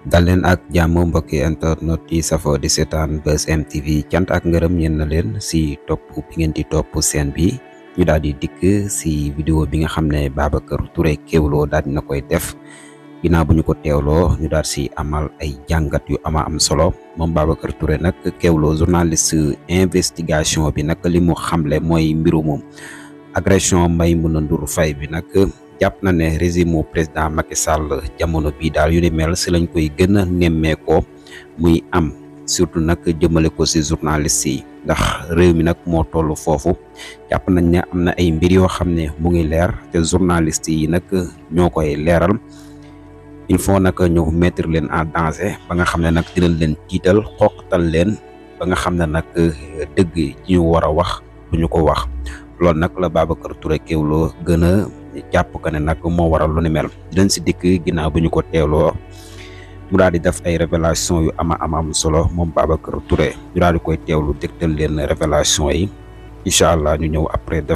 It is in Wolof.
dal leen ak jàmm mbokki internet yi safoo di seetaan Buzz M TV cant ak ngërëm ñeen na leen si topp bi ngeen di topp seen bi ñu daal di dikk si vidéo bi nga xam ne Babacar Touré Kéwoulo daal dina koy def ginnaaw bu ñu ko teewloo ñu daal si amal ay jàngat yu ama am solo moom Babacar Touré nag Kéwoulo journaliste investigation bi nag li mu xamle mooy mbiru moom agression Maimouna Ndour fay bi nag jàpp na ne régime mu président Macky Sall jamono bii daal yu ni mel si lañ koy gën a nemmeekoo muy am surtout nag jëmale ko si journaliste yi ndax réew mi nag moo toll foofu jàpp nañ ne am na ay mbir yoo xam ne mu ngi leer te journaliste yi nag ñoo koy leeral il faut nag ñu mettre leen en danger ba nga xam ne nag dinañ leen tiital xoqatal leen ba nga xam ne nag dëgg ci ñu war a wax du ñu ko wax. loolu nag la Babacar Touré Kewlo gën a jàpp ka ne nag moo waral lu ni mel dinañ si dikk ginnaaw bu ñu ko teeloo mu daal di def ay révélation yu ama ama am solo moom Babacar Touré ñu daal di koy teewlu dégtal leen révélation yi incha allah ñu ñëw après def